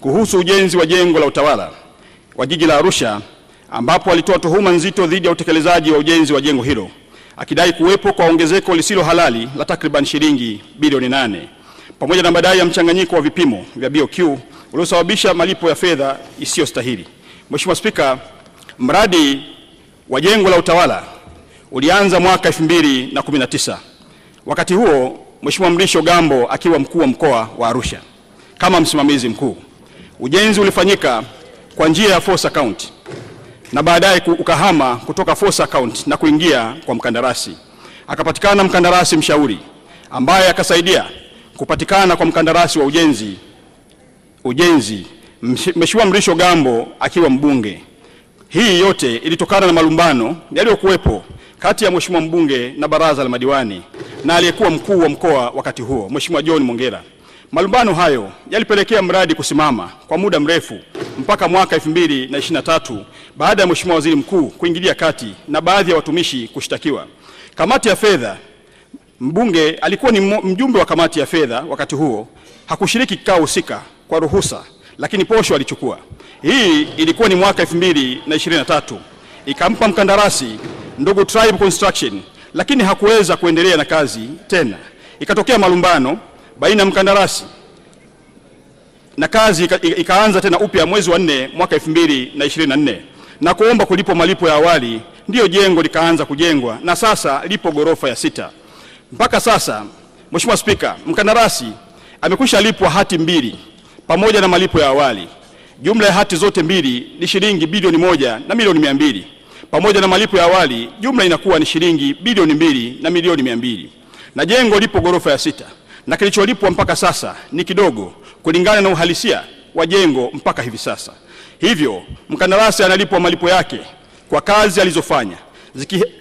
kuhusu ujenzi wa jengo la utawala wa jiji la Arusha, ambapo alitoa tuhuma nzito dhidi ya utekelezaji wa ujenzi wa jengo hilo akidai kuwepo kwa ongezeko lisilo halali la takriban shilingi bilioni nane pamoja na madai ya mchanganyiko wa vipimo vya BOQ uliosababisha malipo ya fedha isiyo stahili Mheshimiwa Spika, mradi wa jengo la utawala ulianza mwaka 2019. Wakati huo Mheshimiwa Mrisho Gambo akiwa mkuu wa mkoa wa Arusha kama msimamizi mkuu. Ujenzi ulifanyika kwa njia ya force account na baadaye ukahama kutoka force account na kuingia kwa mkandarasi. Akapatikana mkandarasi mshauri ambaye akasaidia kupatikana kwa mkandarasi wa ujenzi ujenzi Mheshimiwa Mrisho Gambo akiwa mbunge. Hii yote ilitokana na malumbano yaliyokuwepo kati ya Mheshimiwa mbunge na baraza la madiwani na aliyekuwa mkuu wa mkoa wakati huo Mheshimiwa John Mongera. Malumbano hayo yalipelekea mradi kusimama kwa muda mrefu mpaka mwaka 2023 baada ya Mheshimiwa Waziri Mkuu kuingilia kati na baadhi ya watumishi kushtakiwa. Kamati ya fedha, mbunge alikuwa ni mjumbe wa kamati ya fedha wakati huo, hakushiriki kikao husika kwa ruhusa, lakini posho alichukua. Hii ilikuwa ni mwaka 2023, ikampa mkandarasi ndugu Tribe Construction, lakini hakuweza kuendelea na kazi tena, ikatokea malumbano baina ya mkandarasi na kazi ikaanza tena upya mwezi wa nne mwaka 2024 na kuomba kulipwa malipo ya awali, ndiyo jengo likaanza kujengwa na sasa lipo ghorofa ya sita. Mpaka sasa, Mheshimiwa Spika, mkandarasi amekwisha lipwa hati mbili pamoja na malipo ya awali. Jumla ya hati zote mbili ni shilingi bilioni moja na milioni mia mbili pamoja na malipo ya awali, jumla inakuwa ni shilingi bilioni mbili na milioni mia mbili na jengo lipo ghorofa ya sita na kilicholipwa mpaka sasa ni kidogo kulingana na uhalisia wa jengo mpaka hivi sasa. Hivyo mkandarasi analipwa malipo yake kwa kazi alizofanya,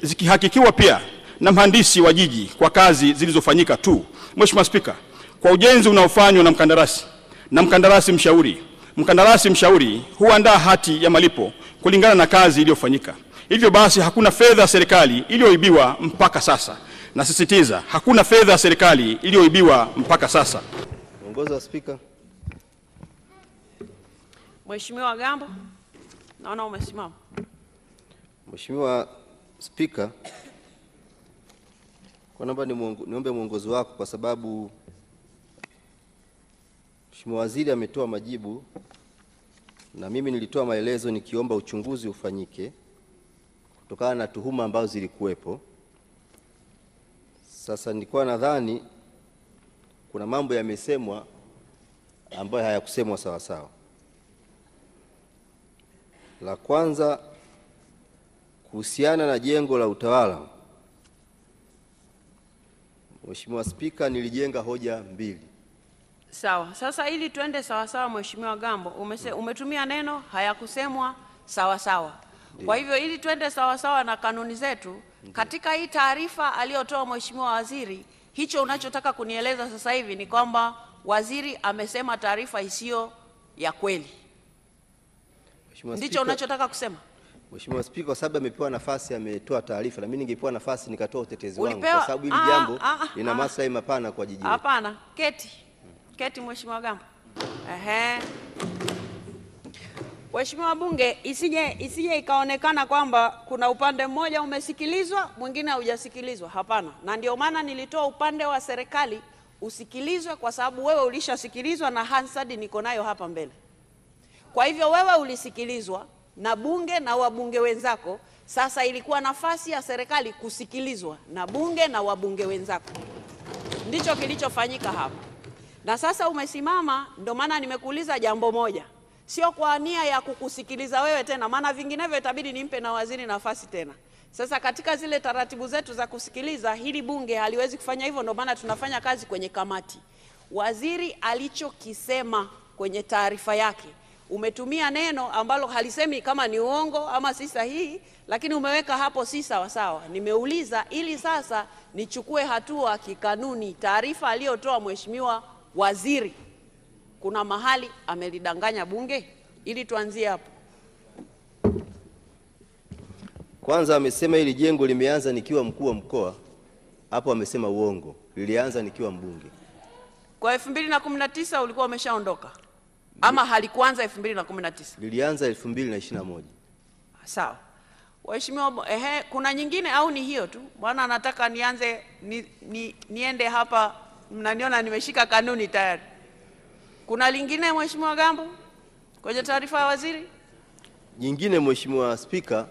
zikihakikiwa ziki pia na mhandisi wa jiji kwa kazi zilizofanyika tu. Mheshimiwa Spika, kwa ujenzi unaofanywa na mkandarasi na mkandarasi mshauri, mkandarasi mshauri huandaa hati ya malipo kulingana na kazi iliyofanyika. Hivyo basi hakuna fedha ya serikali iliyoibiwa mpaka sasa. Nasisitiza hakuna fedha ya serikali iliyoibiwa mpaka sasa. Mwongozo wa Spika. Mheshimiwa Gambo, naona umesimama. Mheshimiwa Spika, kwa naomba niombe mwongozo wako kwa sababu Mheshimiwa Waziri ametoa majibu na mimi nilitoa maelezo nikiomba uchunguzi ufanyike kutokana na tuhuma ambazo zilikuwepo. Sasa nilikuwa nadhani kuna mambo yamesemwa ambayo hayakusemwa sawa sawa. La kwanza kuhusiana na jengo la utawala, Mheshimiwa Spika, nilijenga hoja mbili. Sawa. Sasa ili tuende sawasawa, Mheshimiwa Gambo, umese, umetumia neno hayakusemwa sawa sawa. Kwa hivyo ili twende sawasawa na kanuni zetu Ndiyo. Katika hii taarifa aliyotoa Mheshimiwa Waziri, hicho unachotaka kunieleza sasa hivi ni kwamba waziri amesema taarifa isiyo ya kweli, ndicho unachotaka kusema? Mheshimiwa Spika, kwa sababu amepewa nafasi, ametoa taarifa, na mimi ningepewa nafasi nikatoa utetezi wangu, kwa sababu hili ah, jambo ah, ah, lina maslahi mapana kwa jiji. Hapana, keti keti, Mheshimiwa Gamba. Ehe. Waheshimiwa wabunge, isije, isije ikaonekana kwamba kuna upande mmoja umesikilizwa mwingine haujasikilizwa. Hapana, na ndio maana nilitoa upande wa serikali usikilizwe, kwa sababu wewe ulishasikilizwa na Hansard niko nayo hapa mbele. Kwa hivyo wewe ulisikilizwa na bunge na wabunge wenzako. Sasa ilikuwa nafasi ya serikali kusikilizwa na bunge na wabunge wenzako, ndicho kilichofanyika hapa, na sasa umesimama. Ndio maana nimekuuliza jambo moja sio kwa nia ya kukusikiliza wewe tena, maana vinginevyo itabidi nimpe na waziri nafasi tena. Sasa katika zile taratibu zetu za kusikiliza, hili bunge haliwezi kufanya hivyo, ndio maana tunafanya kazi kwenye kamati. Waziri alichokisema kwenye taarifa yake, umetumia neno ambalo halisemi kama ni uongo ama si sahihi, lakini umeweka hapo si sawa sawa. Nimeuliza ili sasa nichukue hatua kikanuni, taarifa aliyotoa mheshimiwa waziri kuna mahali amelidanganya bunge ili tuanzie hapo. Kwanza amesema hili jengo limeanza nikiwa mkuu wa mkoa, hapo amesema uongo, lilianza nikiwa mbunge. Kwa 2019 ulikuwa umeshaondoka ama halikuanza 2019? Lilianza 2021. Sawa. Waheshimiwa, ehe, kuna nyingine au ni hiyo tu? Bwana anataka nianze ni, ni, niende hapa, mnaniona nimeshika kanuni tayari. Kuna lingine Mheshimiwa Gambo kwenye taarifa ya waziri? Nyingine Mheshimiwa Spika,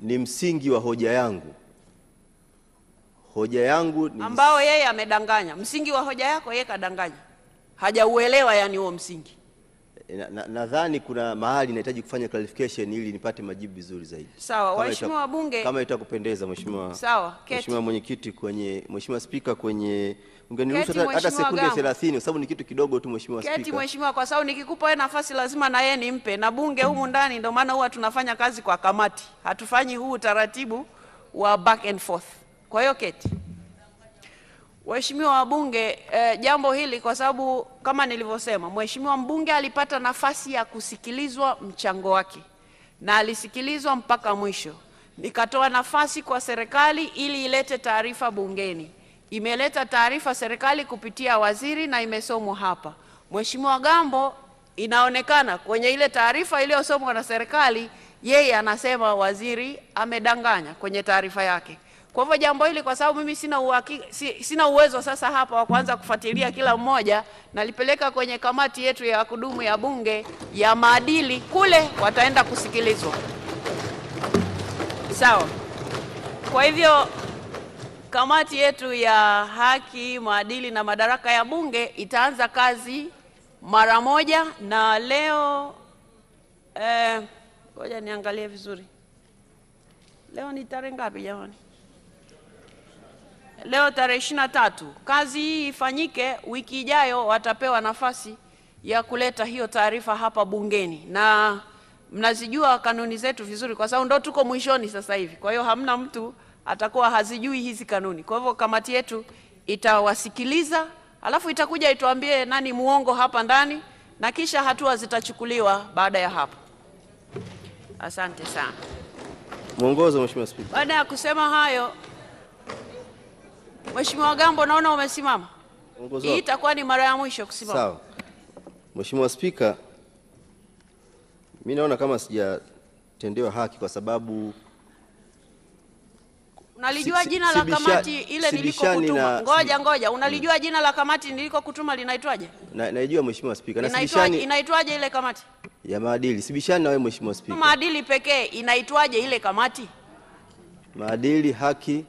ni msingi wa hoja yangu. Hoja yangu ni ambao yeye amedanganya. Msingi wa hoja yako yeye kadanganya, hajauelewa yani huo msingi. Nadhani na, na kuna mahali nahitaji kufanya clarification ili nipate majibu vizuri zaidi. Sawa, waheshimiwa bunge, kama itakupendeza mheshimiwa, sawa, Mheshimiwa mwenyekiti, kwenye Mheshimiwa Spika, kwenye ungeniruhusu hata sekunde 30 kwa sababu ni kitu kidogo tu mheshimiwa spika. Keti mheshimiwa, kwa sababu nikikupa wewe nafasi lazima na yeye nimpe, na bunge humu ndani ndio maana huwa tunafanya kazi kwa kamati, hatufanyi huu utaratibu wa back and forth. Kwa hiyo keti. Waheshimiwa wabunge, eh, jambo hili kwa sababu kama nilivyosema, mheshimiwa mbunge alipata nafasi ya kusikilizwa mchango wake na alisikilizwa mpaka mwisho. Nikatoa nafasi kwa serikali ili ilete taarifa bungeni imeleta taarifa serikali kupitia waziri na imesomwa hapa. Mheshimiwa Gambo, inaonekana kwenye ile taarifa iliyosomwa na serikali, yeye anasema waziri amedanganya kwenye taarifa yake. Kwa hivyo jambo hili, kwa sababu mimi sina, uwaki, sina uwezo sasa hapa wa kuanza kufuatilia kila mmoja, nalipeleka kwenye kamati yetu ya kudumu ya Bunge ya maadili, kule wataenda kusikilizwa, sawa? Kwa hivyo Kamati yetu ya Haki, Maadili na Madaraka ya Bunge itaanza kazi mara moja na leo eh, ngoja niangalie vizuri. Leo ni tarehe ngapi jamani? Leo tarehe ishirini na tatu. Kazi hii ifanyike wiki ijayo, watapewa nafasi ya kuleta hiyo taarifa hapa bungeni, na mnazijua kanuni zetu vizuri, kwa sababu ndo tuko mwishoni sasa hivi. Kwa hiyo hamna mtu atakuwa hazijui hizi kanuni. Kwa hivyo kamati yetu itawasikiliza, alafu itakuja ituambie nani muongo hapa ndani, na kisha hatua zitachukuliwa baada ya hapo. Asante sana. Mwongozo, Mheshimiwa Spika. Baada ya kusema hayo, Mheshimiwa Gambo, naona umesimama. Hii itakuwa ni mara ya mwisho kusimama. Sawa. Mheshimiwa Spika, mimi naona kama sijatendewa haki kwa sababu Unalijua jina la kamati ile nilikokutuma? Ngoja ngoja, unalijua jina la kamati nilikokutuma linaitwaje? Naijua Mheshimiwa Spika. Na Sibishani inaitwaje ile kamati ya maadili? Sibishani na wewe Mheshimiwa Spika. Maadili pekee inaitwaje ile kamati? Maadili, haki.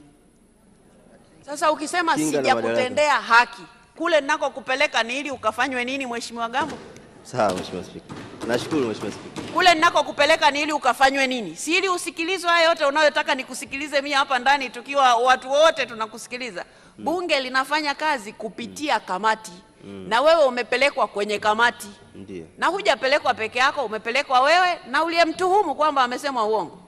Sasa ukisema sijakutendea haki, kule kupeleka ni ili ukafanywe nini, Mheshimiwa Gambo? Sawa Mheshimiwa Spika, nashukuru Mheshimiwa Spika kule ninakokupeleka ni ili ukafanywe nini, si ili usikilizwe haya yote unayotaka nikusikilize mimi hapa ndani, tukiwa watu wote tunakusikiliza. mm. Bunge linafanya kazi kupitia mm. kamati mm. na wewe umepelekwa kwenye kamati Ndiye. na hujapelekwa peke yako, umepelekwa wewe na uliyemtuhumu kwamba amesema uongo.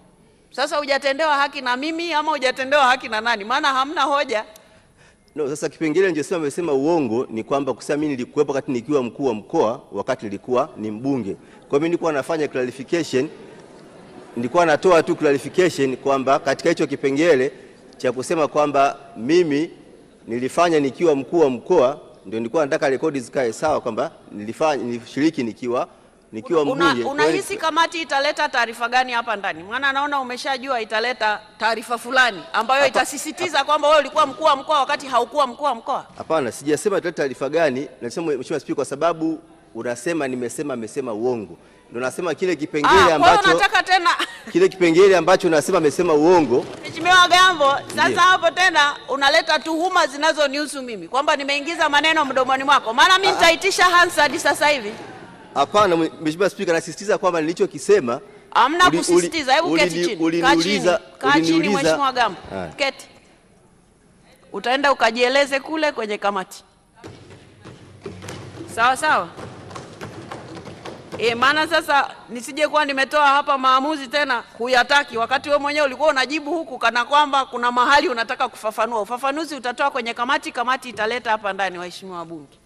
Sasa hujatendewa haki na mimi ama hujatendewa haki na nani? Maana hamna hoja. No, sasa kipengele nilichosema amesema uongo ni kwamba kusema mimi nilikuwepo wakati nikiwa mkuu wa mkoa, wakati nilikuwa ni mbunge. Kwa hiyo mimi nilikuwa nafanya clarification, nilikuwa natoa tu clarification kwamba katika hicho kipengele cha kusema kwamba mimi nilifanya nikiwa mkuu wa mkoa, ndio nilikuwa nataka rekodi zikae sawa kwamba nilifanya nilishiriki nikiwa nikiwa mbunge. Unahisi una kamati italeta taarifa gani hapa ndani? Maana anaona umeshajua italeta taarifa fulani ambayo itasisitiza kwamba wewe ulikuwa mkuu wa mkoa wakati haukuwa mkuu wa mkoa. Hapana, sijasema italeta taarifa gani. Nasema Mheshimiwa Spika, kwa sababu unasema nimesema, amesema uongo, ndio nasema kile kipengele ah, ambacho nataka tena kile kipengele ambacho nasema amesema uongo. Mheshimiwa Gambo, sasa hapo tena unaleta tuhuma zinazonihusu mimi kwamba nimeingiza maneno mdomoni mwako, maana mimi ah, ah. nitaitisha Hansard sasa hivi. Hapana Mheshimiwa Spika, nasisitiza kwamba nilichokisema Amna kusisitiza. Hebu keti chini. Uliniuliza, chini Mheshimiwa Gambo. Ah. Keti. Utaenda ukajieleze kule kwenye kamati. Sawa sawa. E, maana sasa nisije kuwa nimetoa hapa maamuzi tena huyataki, wakati wewe mwenyewe ulikuwa unajibu huku kana kwamba kuna mahali unataka kufafanua. Ufafanuzi utatoa kwenye kamati, kamati italeta hapa ndani, waheshimiwa wabunge.